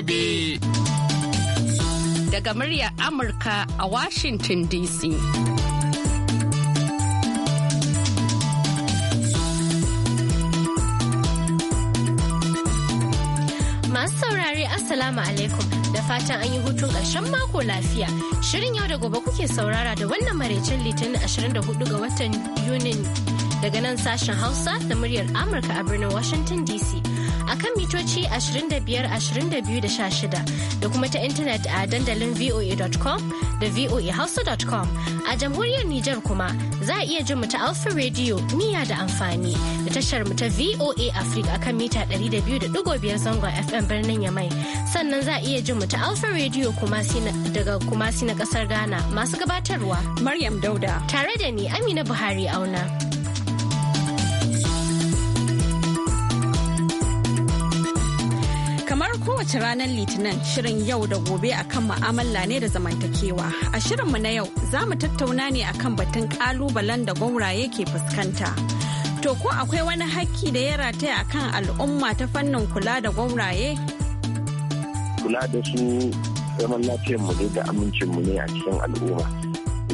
gobe. Daga muryar Amurka a Washington DC. Masu saurare Assalamu alaikum da fatan an yi hutun ƙarshen mako lafiya. Shirin yau da gobe kuke saurara da wannan maraicin litinin 24 ga watan Yunin daga nan sashen Hausa da muryar Amurka a birnin Washington DC. a kan mitoci 25 22 da kuma ta intanet a dandalin voa.com da voahausa.com a jamhuriyar Nijar kuma za a iya mu ta Alfa Radio miya da amfani da tashar mu ta VOA Africa akan mita 200.5 zangon FM birnin Yamai sannan za a iya mu ta Alfa Radio daga kumasi na kasar Ghana masu gabatarwa Maryam Dauda tare da ni Amina Buhari auna. kowace ranar Litinin shirin yau da gobe akan mu'amala ne da zamantakewa. A shirinmu na yau za mu tattauna ne akan batun kalubalen da gwauraye ke fuskanta. To ko akwai wani hakki da ya rataya akan al'umma ta fannin kula da gwauraye? Kula da su zaman lafiyar mu ne da amincin mu ne a cikin al'umma.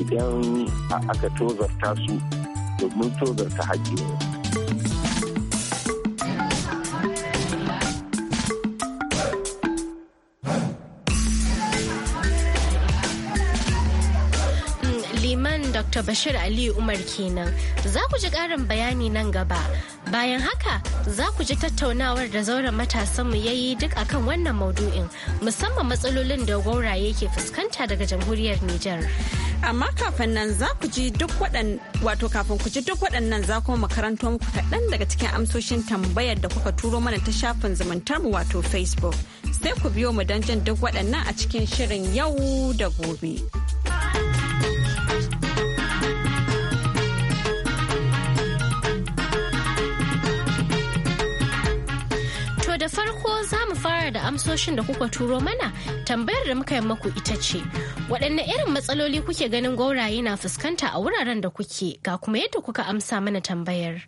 Idan aka tozarta su domin tozarta hakki Bashir Aliyu Umar kenan. Za ku ji ƙarin bayani nan gaba. Bayan haka za ku ji tattaunawar da zauren matasanmu ya yi duk akan wannan maudu'in musamman matsalolin da gwauraye ke fuskanta daga jamhuriyar Nijar. amma kafin nan za ku ji duk waɗan wato kafin ku ji duk waɗannan za kuma makaranto muku kaɗan daga cikin amsoshin tambayar da kuka turo mana ta shafin zumuntar wato facebook sai ku biyo mu don jin duk waɗannan a cikin shirin yau da gobe. da farko za mu fara da amsoshin da kuka turo mana tambayar da muka yi maku ita ce waɗanne irin matsaloli kuke ganin gwauraye na fuskanta a wuraren da kuke ga kuma yadda kuka amsa mana tambayar.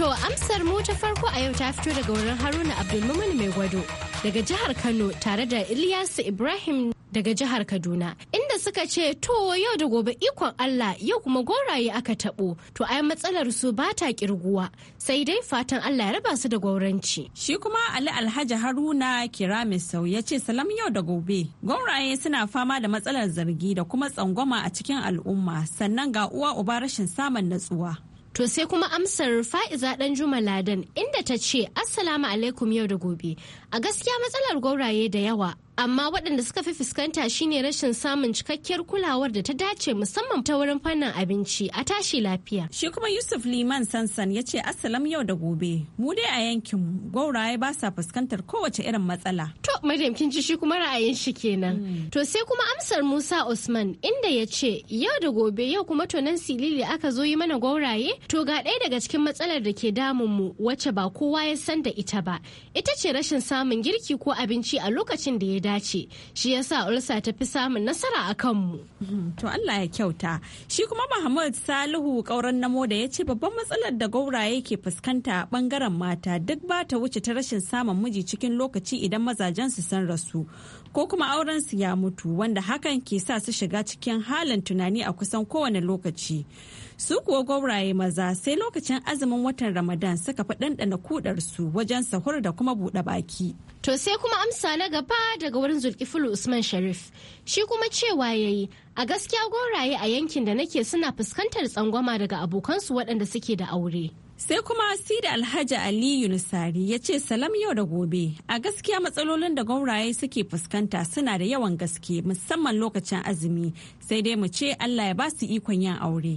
To amsar mu ta farko a yau ta fito daga wurin Haruna Abdulmumin mai gwado daga jihar Kano tare da Ilyasu Ibrahim daga jihar Kaduna suka ce to yau da gobe ikon Allah yau kuma goraye aka taɓo to ai matsalar su ba ta kirguwa sai dai fatan Allah ya raba su da gauranci Shi kuma Ali Alhaji Haruna Kiramisau ya ce salam yau da gobe. Goraye suna fama da matsalar zargi da kuma tsangwama a cikin al'umma sannan ga uwa uba rashin samun natsuwa. To sai kuma amsar fa'iza dan Juma Ladan inda ta ce Assalamu alaikum yau da gobe. A gaskiya matsalar gauraye da yawa amma waɗanda suka fi fuskanta shine rashin samun cikakkiyar kulawar da ta dace musamman ta wurin fannin abinci a tashi lafiya. Shi kuma Yusuf Liman Sansan ya ce asalam yau da gobe mu dai a yankin gauraye ba sa fuskantar kowace irin matsala. To Maryam ji shi kuma ra'ayin shi kenan. Hmm. To sai kuma amsar Musa Usman inda ya ce yau da gobe yau kuma to nan silili aka zo yi mana gauraye to ga ɗaya daga cikin matsalar da ke damun mu wacce ba kowa ya san da ita ba ita ce rashin samun girki ko abinci a lokacin da ya dace shi yasa ulsa ta fi samun nasara a kanmu. Hmm, to Allah ya kyauta shi kuma Muhammad Salihu kauran namo da ya ce babban matsalar da gauraye ke fuskanta a bangaren mata duk ba ta wuce ta rashin samun miji cikin lokaci idan mazajen su san rasu ko kuma auren su ya mutu wanda hakan ke sa su shiga cikin halin tunani a kusan kowane lokaci. su kuwa gwauraye maza sai lokacin azumin watan ramadan suka fi ɗanɗana su wajen sahur da kuma buɗe baki to sai kuma amsa na gaba daga wurin zulkifulu usman sharif shi kuma cewa yayi a gaskiya gwauraye a yankin da nake suna fuskantar tsangwama daga abokansu waɗanda suke da aure Sai kuma Sida Alhaji Ali Yunusari ya ce salam yau da gobe a gaskiya matsalolin da gwauraye suke fuskanta suna da yawan gaske musamman lokacin azumi sai dai mu ce Allah ya ba su ikon yin aure.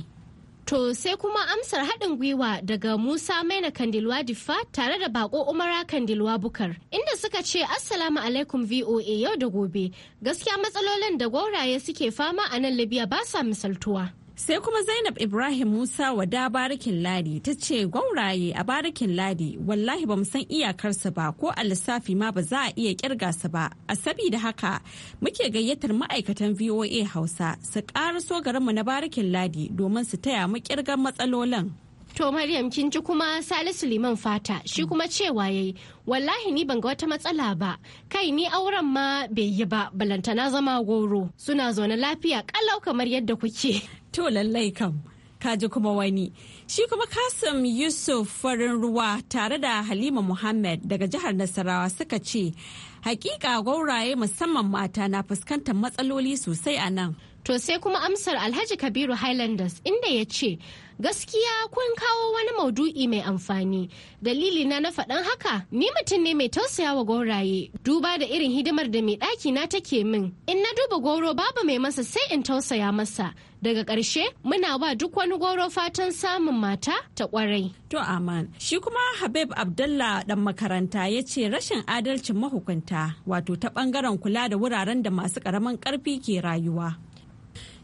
To sai kuma amsar haɗin gwiwa daga Musa Maina Kandilwa Diffa tare da bako Umara Kandilwa Bukar inda suka ce Assalamu alaikum VOA yau da gobe gaskiya matsalolin da gwauraye suke fama a nan Libya ba sa misaltuwa. Sai kuma Zainab Ibrahim Musa wada barikin ladi ta ce gwauraye a barikin ladi wallahi ba san iyakarsa ba ko a lissafi ma ba za a iya kirga su ba. A sabida haka muke gayyatar ma'aikatan VOA Hausa su ƙaraso garinmu na barikin ladi domin su taya mu kirgar matsalolin. To Maryam kin ji kuma Salisu Liman Fata shi mm. kuma cewa yayi wallahi ni ban ga wata matsala ba kai ni auren ma bai yi ba balantana zama goro suna zaune lafiya kalau kamar yadda kuke. To lallai kam kaji kuma wani shi kuma Kasim Yusuf farin ruwa tare da Halima Muhammad daga jihar Nasarawa suka ce hakika gauraye musamman mata na fuskantar matsaloli sosai a nan. To sai kuma amsar Alhaji Kabiru Highlanders inda ya ce, Gaskiya kun kawo wani maudu'i mai amfani. Dalili na na faɗan haka, ni mutum ne mai tausaya wa gauraye, duba da irin hidimar da mai ɗaki na take min. In na duba goro babu mai masa sai in tausaya masa. Daga ƙarshe, muna ba duk wani goro fatan samun mata ta ƙwarai. To aman, shi kuma Habib Abdullah ɗan makaranta ya ce rashin adalcin mahukunta, wato ta ɓangaren kula da wuraren da masu ƙaramin ƙarfi ke rayuwa.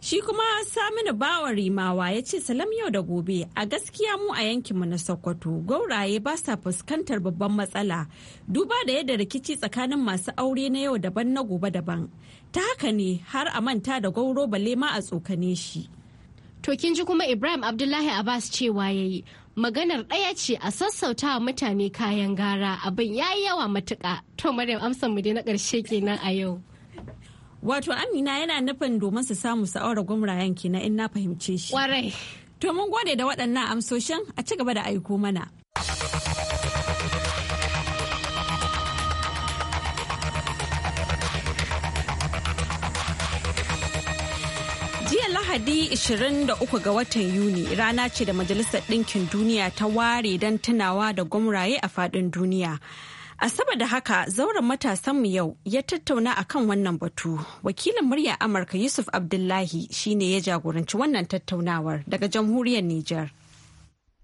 Shi kuma Saminu Bawa Rimawa ya ce salam yau da gobe a gaskiya mu a yankinmu na Sokoto gauraye ba sa fuskantar babban matsala duba da yadda rikici tsakanin masu aure na yau daban na gobe daban. Ta haka ne har a manta da gauro bale ma a tsokane shi. To kin ji kuma Ibrahim Abdullahi Abbas cewa yayi maganar ɗaya ce a sassauta mutane kayan gara abin ya yi yawa matuka To Maryam amsan mu dai na ƙarshe kenan a yau. Wato Amina yana nufin domin su samu sa'aura gwamrayen kenan in na fahimce shi. Kwarai. To mun gode da waɗannan amsoshin a ci gaba da aiko mana. Jiya Lahadi 23 ga watan Yuni rana ce da Majalisar Ɗinkin Duniya ta ware don tunawa da gwamraye a faɗin duniya. A saboda haka zauren matasanmu yau ya tattauna akan wannan batu. Wakilin murya Amurka Yusuf Abdullahi shine ya jagoranci wannan tattaunawar daga jamhuriyar Nijar.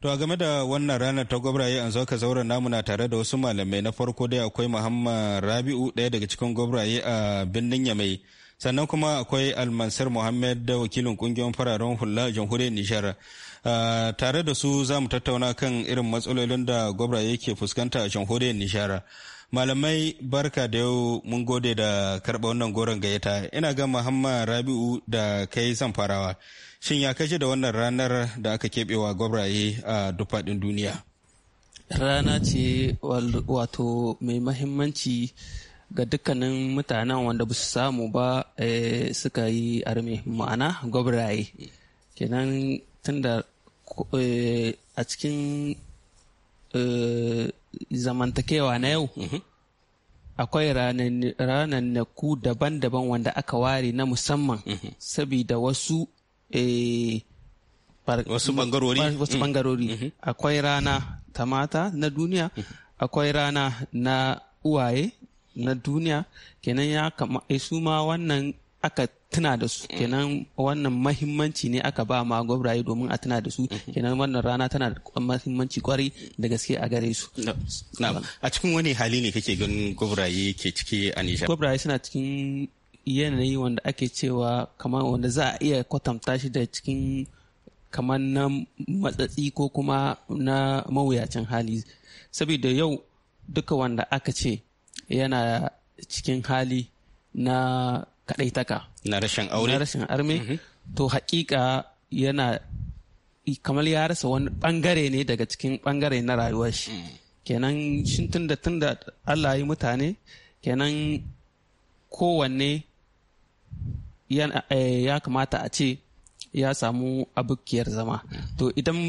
To a game da wannan ranar ta gwabraye an zauka zauren namu na tare da wasu malamai na farko dai akwai Muhammad Rabi'u ɗaya daga cikin gwabraye a birnin Yamai. Sannan kuma akwai almasar Muhammad da wakilin kungiyoyin fararen hula jamhuriyar Nijar. tare da su za mu tattauna kan irin matsalolin da gwabra yake fuskanta a jamhuriyar nishara malamai barka da yau mun gode da karɓa wannan goron gayyata ina ga muhammad rabi'u da kai zan farawa shin ya kashe da wannan ranar da aka keɓewa gwabraye a dufaɗin duniya rana ce wato mai mahimmanci ga dukkanin mutanen wanda ba su samu ba eh, suka yi armi ma'ana gwabraye kenan tun da. Eh, a cikin eh, zamantakewa na yau mhm. akwai ranannaku daban-daban wanda aka ware na musamman mhm. sabida wasu eh, wasu bangarori mhm. akwai rana ta mata na duniya akwai rana na uwaye na duniya kenan ya kama su ma wannan aka tuna da su mm. kenan wannan mahimmanci ne aka ba ma gwabraye domin a tuna da su mm-hmm. kenan wannan rana tana da mahimmanci kwarai da gaske a gare su a cikin wani hali ne kake ganin gwabraye ke ciki a Nijar gwabraye suna cikin yanayi wanda ake cewa kamar wanda za a iya kwatanta shi da cikin kamar na matsatsi ko kuma na mawuyacin hali saboda yau duka wanda aka ce yana cikin hali na kaɗaitaka na rashin aure na rashin arme mhm. to hakika yana kamar ya rasa wani bangare ne daga cikin bangare na rayuwar shi mm. kenan shin tunda tunda Allah yi mutane kenan kowanne eh, ya kamata a ce ya samu abukiyar zama mm. to idan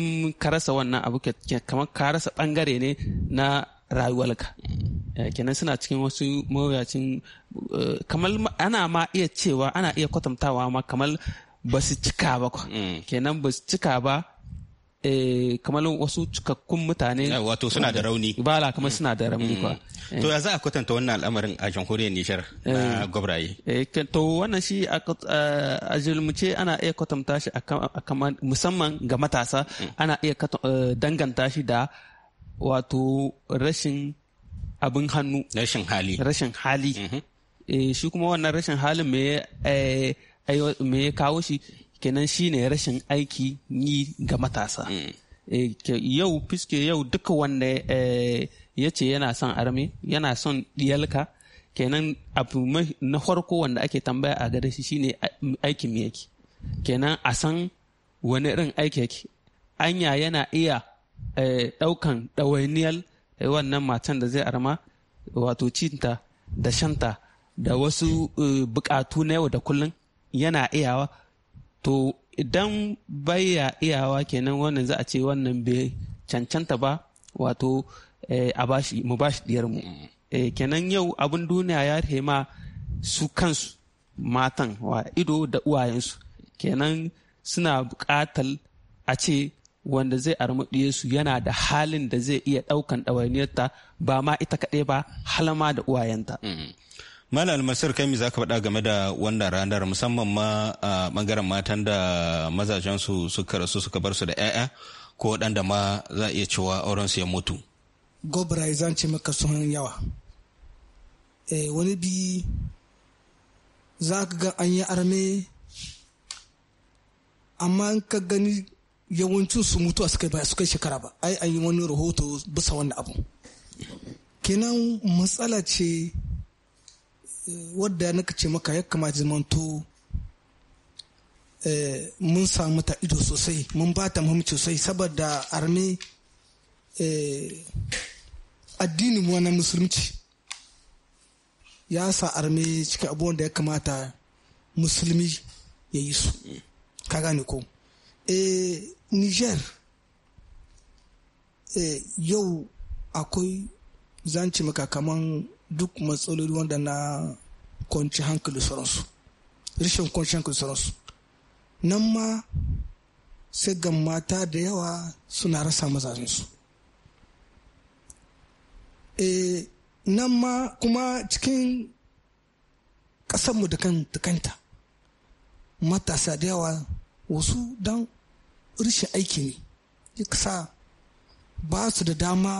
ka rasa wannan abukiyar kamar ka rasa bangare ne na rayuwarka eh, kenan suna cikin wasu mawuyacin eh, kamar ana ma iya cewa ana iya kwatantawa ma kamar ba su cika ba mm. kenan ba su cika ba eh, kamar wasu cikakkun mutane wato suna da rauni bala kamar suna da rauni mm. kwa mm. to ya za a kwatanta wannan al'amarin a jamhuriyar nishar na gwabraye to wannan shi a zulmuce ana iya kwatanta shi musamman ga matasa ana iya danganta shi da wato rashin abin hannu rashin hali rashin hali mm-hmm. eh, shi kuma wannan rashin halin me eh, kawo shi kenan shi ne rashin aiki yi ga matasa mm. eh, yau fiske yau duka wanda ya ce yana son arme yana son diyalka kenan abu na farko wanda ake tambaya a gare shi shine aikin yake kenan a san wani irin aiki yake anya yana iya Eh, ɗaukan ɗawainiyar eh, wannan matan da zai arma wato cinta da shanta da wasu eh, buƙatu na yau da kullum yana iyawa to idan baya iyawa kenan wannan za a ce wannan bai cancanta ba wato a bashi mu bashi mu kenan yau abin duniya ya ma su kansu matan wa ido da uwayensu kenan suna buƙatar a ce wanda zai armuɗiye su yana da halin da zai iya ɗaukan ɗawainiyarta ba ma ita kaɗai ba halama da uwayenta. Mm-hmm. Mala almasir kai za ka faɗa game da wannan ranar musamman ma a ɓangaren matan da mazajensu suka rasu suka bar su da 'ya'ya ko waɗanda ma za a iya cewa auren su ya mutu. Gobra zan ce maka sun yawa. Eh, wani bi za ka ga an yi arme amma in ka gani yawancin su a suka ba suka shekara ba ai an yi wani rahoto bisa wani abu kenan matsala ce eh, wadda na ce maka ya kamata zamanto eh, mun samu ta ido sosai mun ba ta mahimmanci sosai saboda arme eh, addinin wani musulunci ya sa arme cikin abubuwan da ya kamata musulmi ya yi su ka gane ko niger eh, yau akwai zanci maka kaman duk matsaloli wanda na kwanci hankali sauransu rashin kwanci hankali sauransu nan ma sai ga mata da yawa suna rasa mazajensu e, nan ma kuma cikin ƙasarmu da kanta matasa da yawa wasu dan. rishin aiki ne ya sa ba su da dama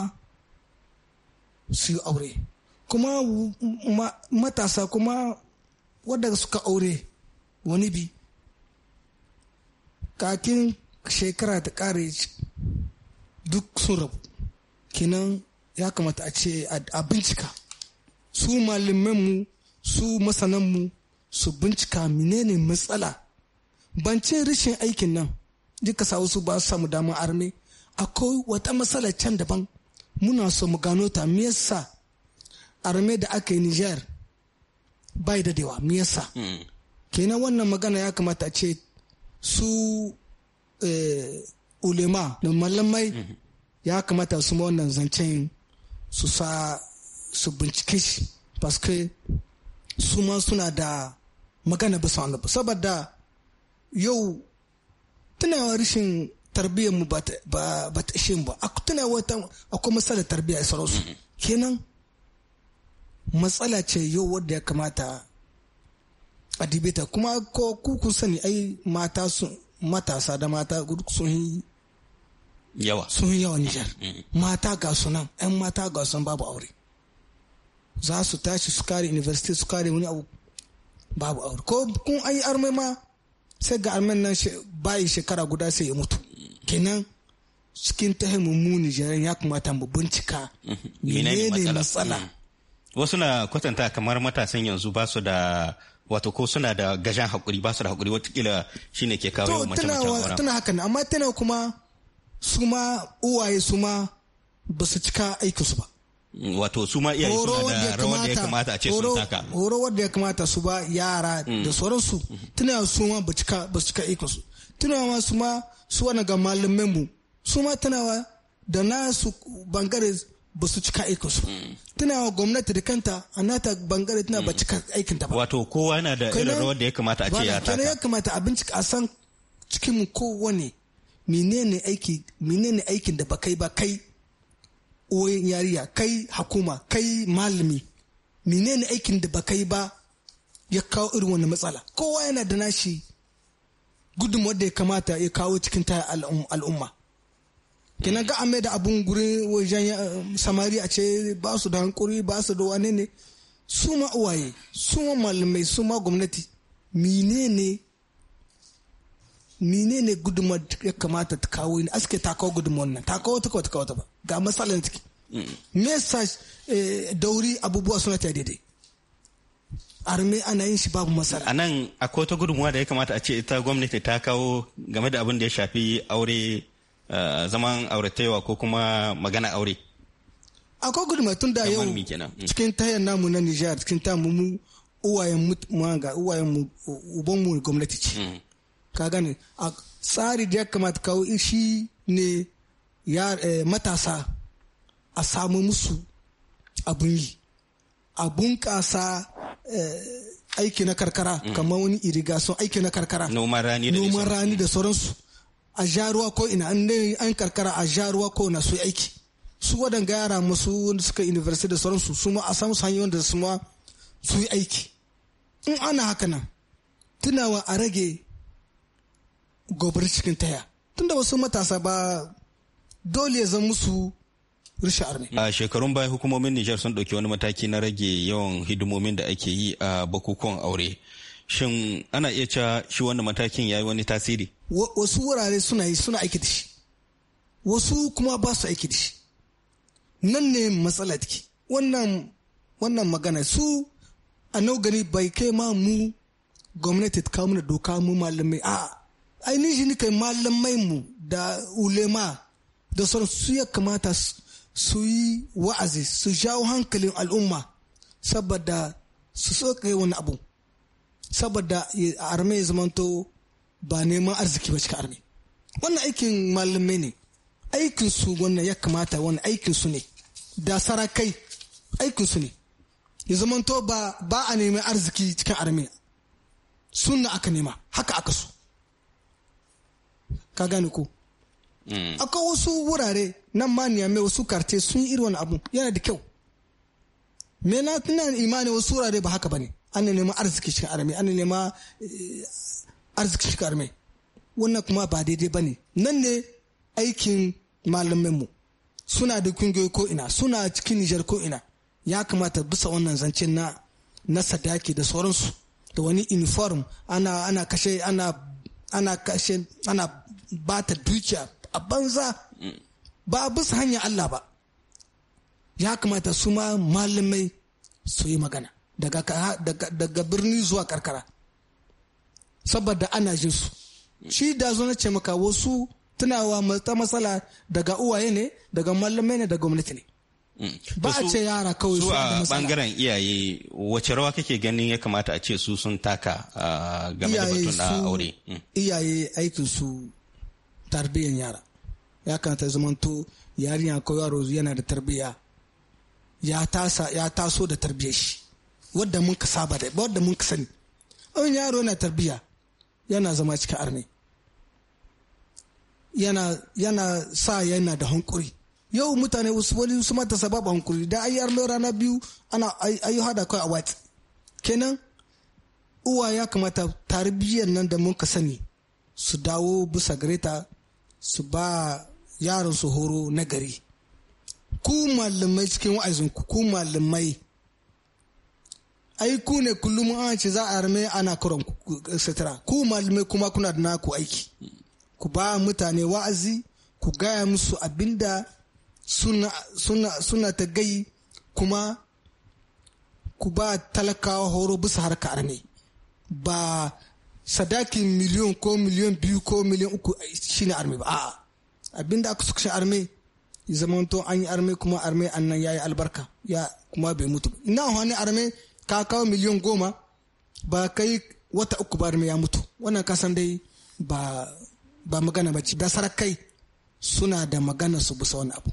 su yi aure kuma matasa kuma wadda suka aure wani bi kakin shekara ta kare duk sun rabu kenan ya kamata a ce a bincika su mu su masananmu su bincika menene matsala ban ce rishin aikin nan duka sawu su ba su samu damar arme akwai wata matsala can daban muna so mu gano ta me yasa arme da aka yi niger bai da dewa me yasa hmm. kenan wannan magana ya kamata ce su eh, ulema da malamai hmm. ya kamata su wannan zancen su sa su bincike shi paske su ma suna da magana bisa wani saboda yau tunawa rashin tarbiyyar mu ba ta ishe ba a tunawa ta akwai matsala tarbiyya sauransu kenan matsala ce yau wadda ya kamata a dibeta kuma ko kuku sani ai mata sun matasa da mata sun yi yawa sun yi yawa nijar mm, mm, mm. mata ga sunan yan mata ga sun babu aure za su tashi su kare university su kare wani abu babu aure ko kun ai armai ma sai ga armen nan bayi shekara guda sai ya mutu kenan cikin ta mu jiran ya kamata mu bincika menene matsala mm. wasu na kwatanta kamar matasan yanzu ba su da wato ko suna da gajan hakuri ba su da hakuri watakila shine ke kawo mace mace tana haka ne amma tana kuma su ma uwaye su ma ba su cika aikinsu ba wato su ma iyaye suna da rawar da ya kamata a ce sun taka horo wanda ya kamata su ba yara da mm. sauransu mm-hmm. tuna su ma ba cika ba cika iko su tuna ma su ma su wani ga malamin mu su ma yawa da na su bangare ba su cika iko su. Mm. Tana wa gwamnati da kanta a nata bangare tana ba mm. cika aikin ta ba. Wato kowa yana da irin rawar da ya kamata a ce ya taka. ya kamata a bincika a san cikin kowane menene aiki menene aikin da ba kai ba kai uwayin yariya kai hakuma kai malami menene aikin da ba kai ba ya kawo irin wani matsala kowa yana da nashi gudun da ya kamata ya kawo cikin ta al'umma kenan ga amai da abun gurin wajen eh, samari a ce ba su da hankuri ba su da wane ne su ma uwaye su ma malamai su ma gwamnati menene ne gudunmawar ya kamata ta kawo ne aske ta kawo gudunmawar nan ta kawo ta kawo ta kawo ta ba ga matsalar take mm. me yasa eh, dauri abubuwa suna ta daidai arme ana yin shi babu matsala a nan akwai wata gudunmawa da ya kamata a ce ita gwamnati ta kawo game da abin da ya shafi aure eh, zaman auretewa ko kuma magana aure akwai gudunmawa tun da yau mm. cikin tayar namu na nijar cikin tamu mu uwayen mu mu gwamnati ce mm. ka gane a tsari da ya kamata kawo shi ne eh, matasa a samu musu abun yi a bunƙasa eh, aiki na karkara mm. kamar wani irrigation aiki na karkara noman rani da sauransu a jaruwa ko ina an karkara a jaruwa ko na su aiki su wadan yara masu wanda suka university da sauransu su ma a samu hanyoyin da su ma su yi aiki in ana haka nan tunawa a rage gobar cikin taya tunda wasu matasa ba dole ya zan musu rushe arme. A shekarun baya hukumomin Nijar sun ɗauki wani mataki na rage yawan hidimomin da ake yi a bakukuwan aure. Shin ana iya cewa shi wannan matakin ya yi wani tasiri? Wasu wurare suna yi suna aiki da shi. Wasu kuma ba su aiki da shi. Nan ne matsala take. Wannan wannan magana su a nau gani bai kai ma mu gwamnati ta kawo mana doka mu malamai a ainihin shi kai malamai mu da ulema da sauran su ya kamata su yi wa'azi su jawo hankalin al'umma saboda su soka wani abu saboda a arme ya zamanto ba neman arziki ba cika arme wannan aikin malamai ne aikin su wannan ya kamata wannan aikin su ne da sarakai aikin su ne ya zamanto ba ba a neman arziki cikin arme suna aka nema haka aka so ka gane ko mm. akwai wasu wurare nan ma mai wasu karte sun yi irin abu yana da kyau me na tuna imani wasu wurare ba haka bane ana nema eh, arziki cikin arme ana nema arziki shi arme wannan kuma ba daidai bane nan ne aikin malamanmu suna da kungiyoyi ko ina suna cikin nijar ko ina ya kamata bisa wannan zancen na na sadaki da sauransu da wani uniform ana ana kashe ana ana kashe ana ba ta dukiya a banza ba bisa hanyar Allah ba ya kamata su ma malamai su yi magana daga birni zuwa karkara saboda ana jin su shi da zo na ce maka wasu tunawa ta matsala daga uwaye ne daga malamai ne daga gwamnati ne mm. ba a ce yara kawai su a bangaren iyaye wace rawa kake ganin ya kamata a ce su sun taka ah, game da batun na aure mm. iyaye aikin su tarbiyyar yara ya kamata zamanto yarinya ko yaro yana da tarbiyya ya tasa ya taso da tarbiyyar shi wadda mun ka saba da wadda mun ka sani an yaro yana tarbiyya yana zama cikin arne yana yana sa yana da hankuri yau mutane wasu wani su mata sababa hankuri da ayi arlo rana biyu ana ayi hada kai a wati kenan uwa ya kamata tarbiyyar nan da mun ka sani su dawo bisa gareta su ba yaron su horo na gari ku malamai cikin wa'azinku ku malamai ai ku ne kullum an ce za a rame ana kuran sutura ku malamai kuma kuna da naku aiki ku ba mutane wa'azi ku gaya musu abinda suna, ta gai kuma ku ba talakawa horo bisa harka ne ba sadaki miliyon ko miliyon biyu ko miliyon uku shi ne arme ba a'a abinda aka suka arme to an yi arme kuma arme annan ya yi albarka ya kuma bai mutu ba ina wani arme ka kawo miliyon goma ba kai wata uku ba arme ya mutu wannan kasan dai ba ba magana ba ce da sarakai suna da magana su bisa wani abu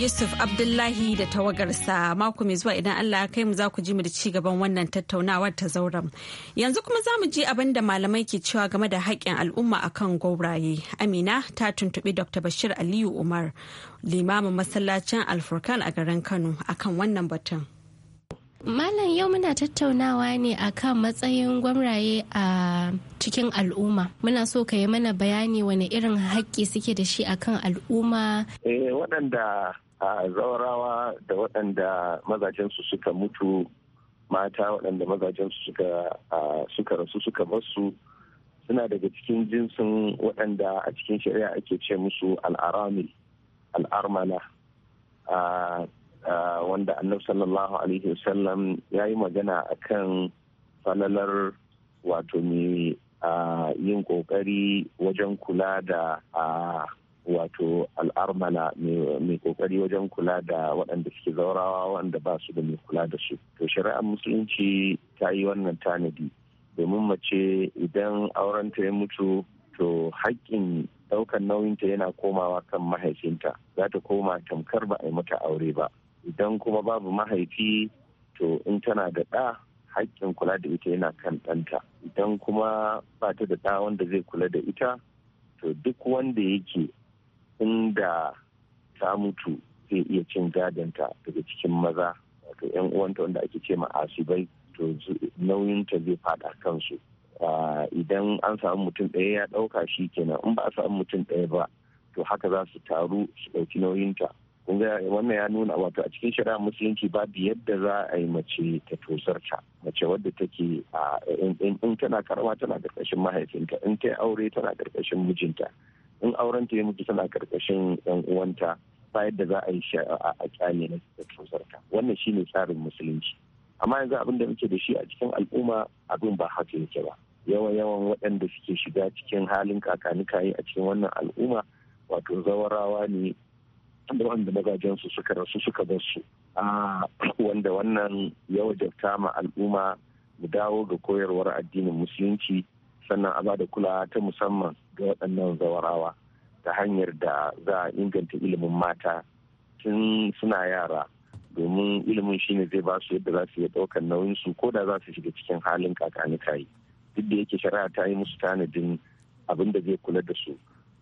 Yusuf Abdullahi da tawagarsa mako mai zuwa idan Allah kai mu za ku ji mu da cigaban wannan tattaunawar ta zauren. Yanzu kuma za mu ji abin da malamai ke cewa game da haƙƙin al'umma a kan gwauraye. Amina ta tuntuɓi Dr. Bashir Aliyu Umar, limamin masallacin Alfurkan a garin Kano a kan wannan batun. Malam yau muna tattaunawa ne a kan matsayin gwamraye a cikin al'umma. Muna so ka yi mana bayani wani irin haƙƙi suke da shi a kan al'umma. Eh waɗanda a zawarawa da waɗanda mazajensu suka mutu mata waɗanda mazajensu suka rasu suka basu suna daga cikin jinsin waɗanda a cikin shari'a ake ce musu al'arami al'armana wanda annabi sallallahu alaihi wasallam ya yi magana a kan falalar wato mai yin ƙoƙari wajen kula da wato al'armala mai kokari wajen kula da waɗanda suke zaurawa wanda ba su da mai kula da su to shari'ar musulunci ta yi wannan tanadi domin mace idan aurenta ya mutu to haƙƙin ɗaukar nauyinta yana komawa kan mahaifinta za ta koma tamkar ba a yi mata aure ba idan kuma babu mahaifi to in tana da ɗa haƙƙin kula da ita yana kan ɗanta idan kuma ba ta da ɗa wanda zai kula da ita to duk wanda yake inda ta mutu zai iya cin gadonta daga cikin maza wato yan uwanta wanda ake ce ma asibai to nauyinta zai fada kansu idan an samu mutum ɗaya ya ɗauka shi kenan in ba a samu mutum ɗaya ba to haka za su taru su ɗauki nauyinta wannan ya nuna wato a cikin shari'a musulunci babu yadda za a yi mace ta tosarta mace wadda take a in tana karama tana karkashin mahaifinta in ta aure tana karkashin mijinta in auren ta ya mutu tana karkashin yan uwanta ba da za a yi shari'a a kyale na da sarka wannan shine tsarin musulunci amma yanzu abin da muke da shi a cikin al'umma abin ba haka yake ba yawan yawan waɗanda suke shiga cikin halin kakanikayi a cikin wannan al'umma wato zawarawa ne da wanda mazajensu suka rasu suka bar su wanda wannan ya wajabta ma al'umma mu dawo ga koyarwar addinin musulunci sannan a ba da kulawa ta musamman ga waɗannan zawarawa ta hanyar da za a inganta ilimin mata tun suna yara domin ilimin shine zai ba su yadda za su iya ɗaukar nauyin su ko da za su shiga cikin halin kakani kayi duk da yake shari'a ta yi musu tanadin abin da zai kula da su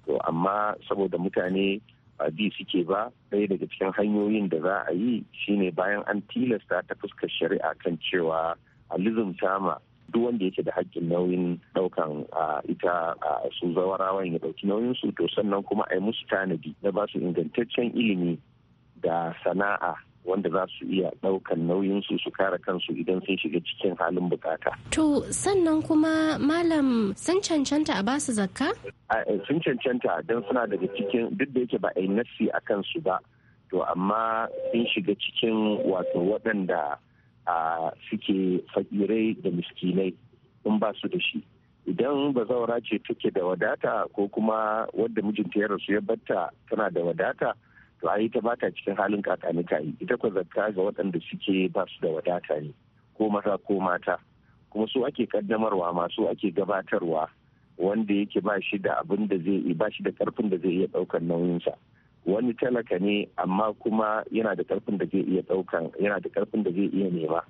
to amma saboda mutane ba bi suke ba ɗaya daga cikin hanyoyin da za a yi shine bayan an tilasta ta fuskar shari'a kan cewa a lizumta ma duk wanda yake da haƙƙin nauyin ɗaukan ita su zawarawan ya ɗauki nauyin su to sannan kuma a yi musu tanadi na ba su ingantaccen ilimi da sana'a wanda za su iya ɗaukan nauyin su su kare kansu idan sun shiga cikin halin bukata. To sannan kuma malam sun cancanta a basu zakka? Eh, sun cancanta don suna daga cikin duk da yake ba a yi nassi a kansu ba. To amma sun shiga cikin wato waɗanda a suke fakirai da miskinai in ba su da shi idan bazawara ce take da wadata ko kuma wadda mijinta ya rasu ya batta tana da wadata to a ta bata cikin halin kakanika yi ita kwa zakka ga waɗanda suke ba su da wadata ne ko maza ko mata kuma su ake kaddamarwa masu ake gabatarwa wanda yake ba shi da abin da zai ba shi da karfin da zai iya ɗaukar nauyinsa wani talaka ne amma kuma yana da karfin da zai iya daukan yana da karfin da zai iya nema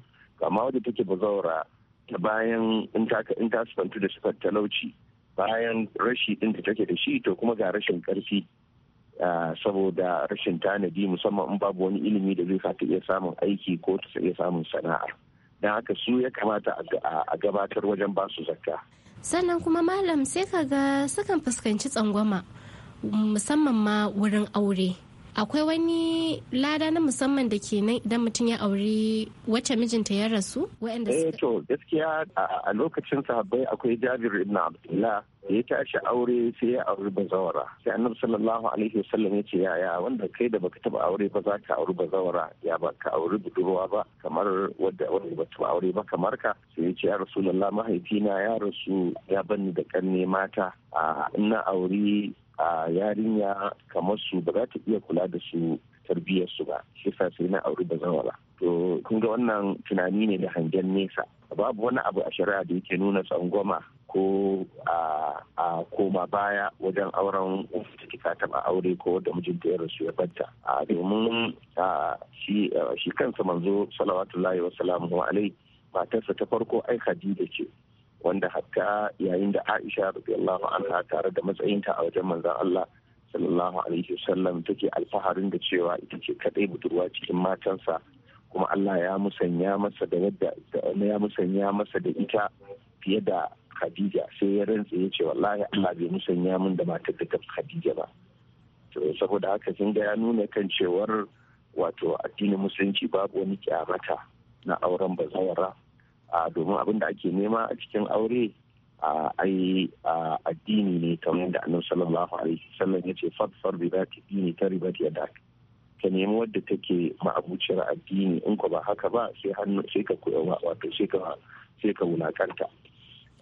amma wadda take bazaura ta bayan in ta sufantu da sufar talauci bayan rashi din da take da shi to kuma ga rashin karfi saboda rashin tanadi musamman in babu wani ilimi da zai ta iya samun aiki ko ta iya samun sana'ar don haka su ya kamata a gabatar wajen basu zakka sannan kuma malam sai ka ga sukan fuskanci tsangwama musamman ma wurin aure akwai wani lada na musamman da ke nan idan mutum ya auri wacce mijinta ya rasu wa'anda eh, suka to gaskiya a lokacin sahabbai akwai jabir ibn abdullah ya tashi aure sai ya auri bazawara sai annabi sallallahu alaihi wasallam ya ce yaya wanda kai da baka taba aure ba za ka auri bazawara ya ba ka auri budurwa ba kamar wadda wanda ba taba aure ba kamar ka sai ya ce ya rasulullah mahaifina ya rasu ya banni da kanne mata a ina auri a yarinya kamar su ba za ta iya kula da su tarbiyyar su ba shi sa sai na auri da zama ba to kun ga wannan tunani ne da hangen nesa babu wani abu a shari'a da yake nuna tsangwama ko a koma baya wajen auren take ka taba aure ko da mijinta ya rasu ya batta a domin shi kansa manzo salawatullahi wa alai matarsa ta farko ai khadija ce wanda hatta yayin da aisha radiyallahu anha tare da matsayinta a wajen manzon Allah sallallahu alaihi wasallam take alfaharin da cewa ita ce kadai budurwa cikin matansa kuma Allah ya musanya masa da yadda ya musanya masa da ita fiye da Khadija sai ya rantse ya ce wallahi Allah bai musanya min da matar da ta Khadija ba to saboda haka kin ga ya nuna kan cewar wato addinin musulunci babu wani kyamata na auren bazawara domin abin da ake nema a cikin aure ai addini ne kamar yadda annabi sallallahu alaihi wasallam yace ce fadfar bi zati dini ta riba ta ka nemi wadda take ma'abuciyar addini in ko ba haka ba sai hannu sai ka wato sai ka sai ka wulakanta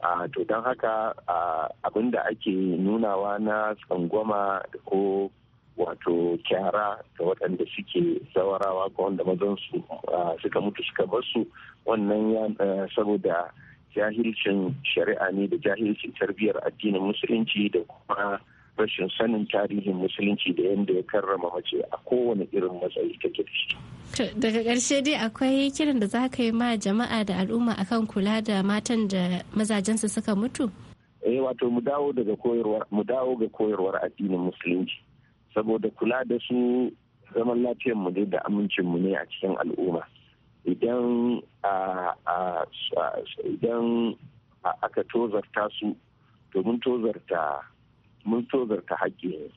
a to don haka abin da ake nunawa na tsangwama ko wato kyara ga waɗanda suke zawarawa ga wanda mazansu suka mutu suka basu wannan ya saboda jahilcin shari'a ne da jahilcin tarbiyyar addinin musulunci da kuma rashin sanin tarihin musulunci da yadda ya karrama mace a kowane irin matsayi ta da daga karshe dai akwai kiran da za ka yi ma jama'a da al'umma akan kula da matan da mazajensu suka mutu? eh wato mu dawo ga koyarwar addinin musulunci saboda kula da su zaman lafiyar mu ne da amincin mu ne a cikin al'umma idan idan aka tozarta su to mun tozarta mun tozarta haƙƙi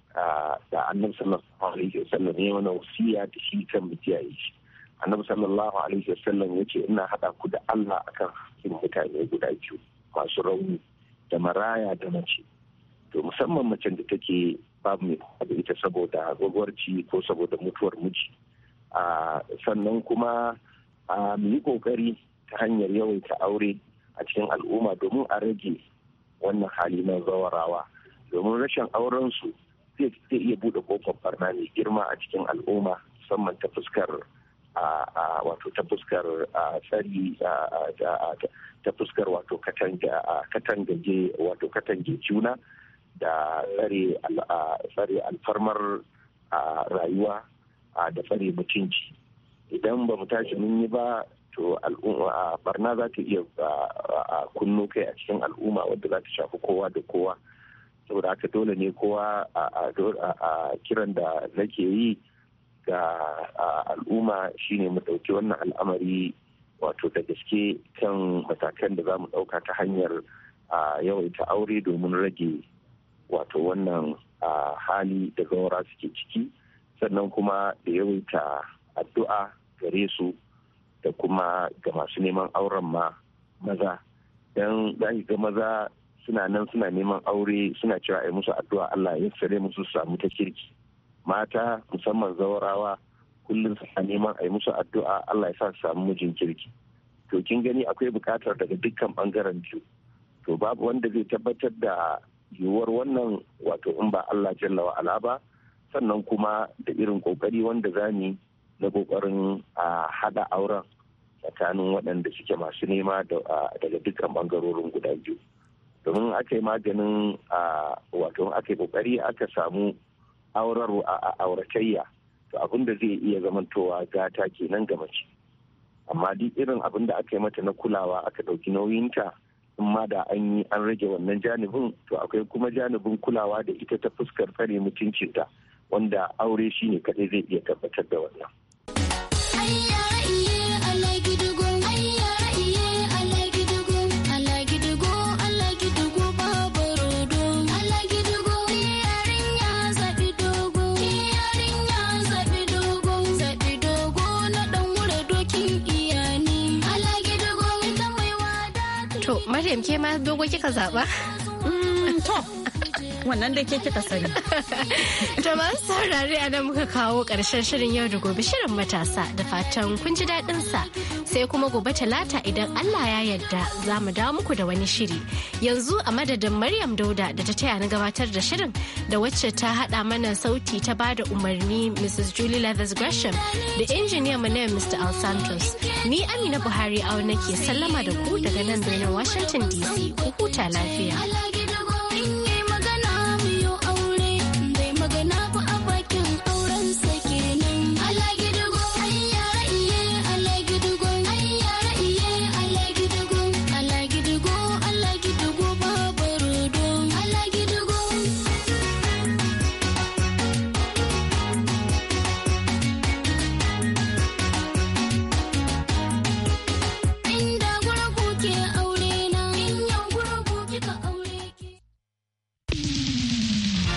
da annabi sallallahu alaihi wasallam ya mana wasiya da shi kan bijiyayi shi annabi sallallahu alaihi wasallam ya ce ina haɗa ku da Allah akan hakkin mutane guda biyu masu rauni da maraya da mace to musamman macen da take babu mai da ita saboda ci ko saboda mutuwar miji sannan kuma mu yi kokari ta hanyar yawaita aure a cikin al'umma domin a rage wannan hali na zawarawa domin rashin aurensu zai iya buɗe kofar barna mai girma a cikin al'umma musamman ta fuskar wato ta fuskar tsari ta fuskar wato katangaje wato katange juna da tsare alfarmar rayuwa da tsare mutunci idan ba mu tashi mun yi ba to barna za ta iya kunno kai a cikin al'umma wadda za ta shafi kowa da kowa saboda haka dole ne kowa a kiran da nake yi ga al'umma shine mu ɗauki wannan al'amari wato da gaske kan matakan da za mu ɗauka ta hanyar yawaita aure domin rage wato wannan hali da gawara suke ciki sannan kuma da yawaita addu'a gare su da kuma ga masu neman auren ma maza don zaki ga maza suna nan suna neman aure suna cewa yi musu addu'a Allah ya sare musu su samu ta kirki mata musamman zawarawa kullum a neman ai musu addu'a Allah ya sa su samu mijin kirki to kin gani akwai bukatar daga dukkan bangaren biyu to babu wanda zai tabbatar da yiwuwar wannan wato in ba Allah jalla wa ala ba sannan kuma da irin kokari wanda zamu na kokarin a hada auren tsakanin waɗanda suke masu nema daga dukkan bangarorin guda biyu domin aka yi maganin wato aka yi kokari aka samu aurar a auratayya to abin da zai iya zamantowa gata kenan ga mace amma duk irin abin da aka yi mata na kulawa aka ɗauki nauyinta in ma da an yi an rage wannan janibin to akwai kuma janibin kulawa da ita ta fuskar tsare mutuncinta wanda aure shine kadai zai iya tabbatar da wannan. Maryam ke ma dogo kika zaba? wannan da ke kika sani. To masu saurare a nan muka kawo ƙarshen shirin yau da gobe shirin matasa da fatan kun ji daɗin sa sai kuma gobe talata idan Allah ya yarda za mu dawo muku da wani shiri. Yanzu a madadin Maryam Dauda da ta taya ni gabatar da shirin da wacce ta haɗa mana sauti ta ba da umarni Mrs. Julie Leathers Gresham da injiniya mu Mr. Al Santos. Ni Amina Buhari auna ke sallama da ku daga nan birnin Washington DC. Ku huta lafiya.